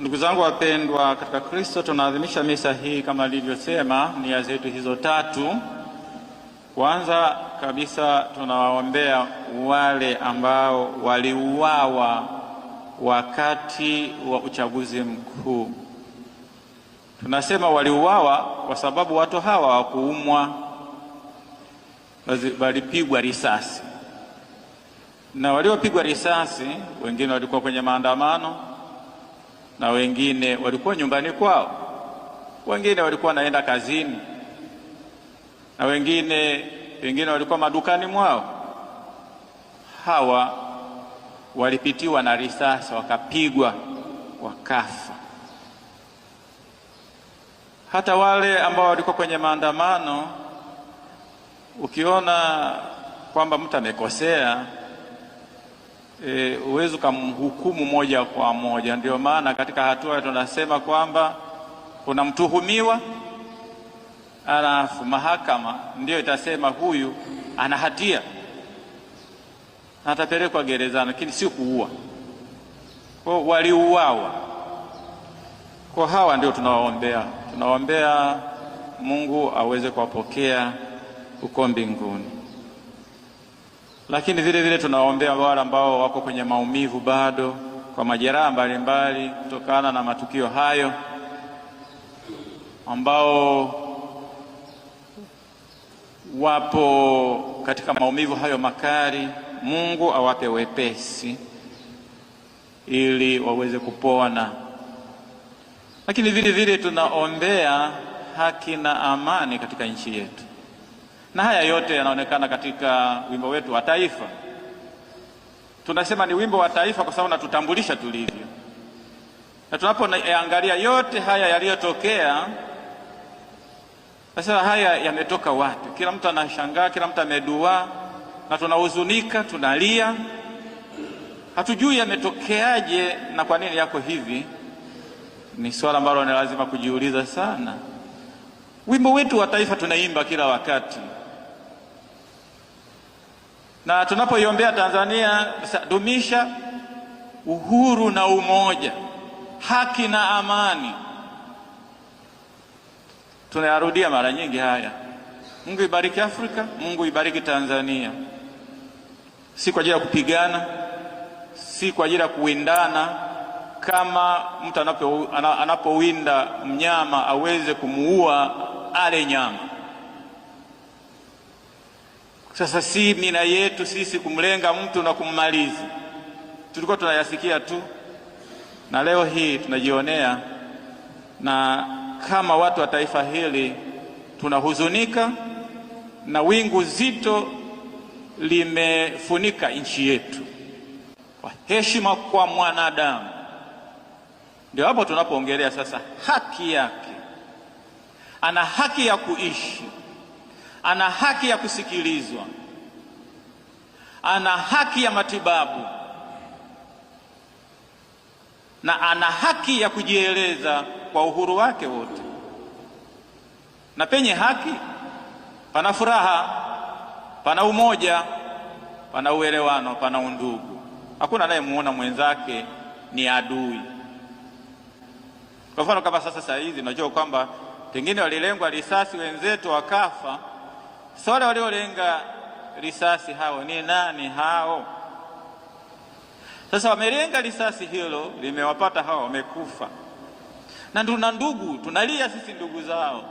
Ndugu zangu wapendwa katika Kristo, tunaadhimisha misa hii kama lilivyosema nia zetu hizo tatu. Kwanza kabisa tunawaombea wale ambao waliuawa wakati wa uchaguzi mkuu. Tunasema waliuawa kwa sababu watu hawa hawakuumwa, walipigwa risasi, na waliopigwa risasi wengine walikuwa kwenye maandamano na wengine walikuwa nyumbani kwao, wengine walikuwa wanaenda kazini, na wengine wengine walikuwa madukani mwao. Hawa walipitiwa na risasi, wakapigwa, wakafa. Hata wale ambao walikuwa kwenye maandamano, ukiona kwamba mtu amekosea e, uwezi ukamhukumu moja kwa moja. Ndio maana katika hatua tunasema kwamba kuna mtuhumiwa, alafu mahakama ndio itasema huyu ana hatia na atapelekwa gerezani, lakini si kuua. Kwa waliuawa, kwa hawa ndio tunawaombea, tunawaombea Mungu aweze kuwapokea huko mbinguni lakini vile vile tunawaombea wale ambao wako kwenye maumivu bado kwa majeraha mbalimbali kutokana na matukio hayo, ambao wapo katika maumivu hayo makali. Mungu awape wepesi ili waweze kupona, lakini vile vile tunaombea haki na amani katika nchi yetu na haya yote yanaonekana katika wimbo wetu wa taifa. Tunasema ni wimbo wa taifa kwa sababu natutambulisha tulivyo, na tunapoangalia yote haya yaliyotokea, nasema haya yametoka wapi? Kila mtu anashangaa, kila mtu amedua, na tunahuzunika, tunalia, hatujui yametokeaje na kwa nini yako hivi. Ni swala ambalo ni lazima kujiuliza sana. Wimbo wetu wa taifa tunaimba kila wakati na tunapoiombea Tanzania, dumisha uhuru na umoja, haki na amani. Tunayarudia mara nyingi haya. Mungu ibariki Afrika, Mungu ibariki Tanzania. Si kwa ajili ya kupigana, si kwa ajili ya kuwindana. Kama mtu anapowinda mnyama aweze kumuua ale nyama. Sasa si mina yetu sisi kumlenga mtu na kummaliza, tulikuwa tunayasikia tu, na leo hii tunajionea, na kama watu wa taifa hili tunahuzunika, na wingu zito limefunika nchi yetu, kwa heshima kwa mwanadamu. Ndio hapo tunapoongelea sasa haki yake, ana haki ya kuishi ana haki ya kusikilizwa, ana haki ya matibabu na ana haki ya kujieleza kwa uhuru wake wote, na penye haki pana furaha, pana umoja, pana uelewano, pana undugu. Hakuna anayemuona mwenzake ni adui. Kwa mfano kama sasa, saa hizi unajua kwamba pengine walilengwa risasi wenzetu wakafa So wale waliolenga risasi hao ni nani hao? Sasa wamelenga risasi, hilo limewapata hao, wamekufa na tuna ndugu, tunalia sisi ndugu zao,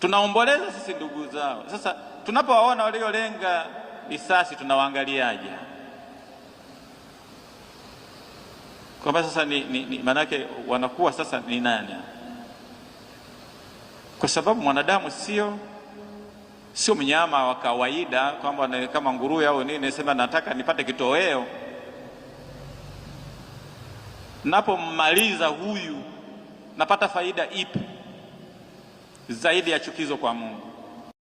tunaomboleza sisi ndugu zao. Sasa tunapowaona waliolenga risasi tunawaangaliaje? Kwamba sasa ni, ni, ni maanake wanakuwa sasa ni nani? Kwa sababu mwanadamu sio sio mnyama wa kawaida kwamba kama nguruwe au nini, sema nataka nipate kitoweo. Napommaliza huyu napata faida ipi zaidi ya chukizo kwa Mungu?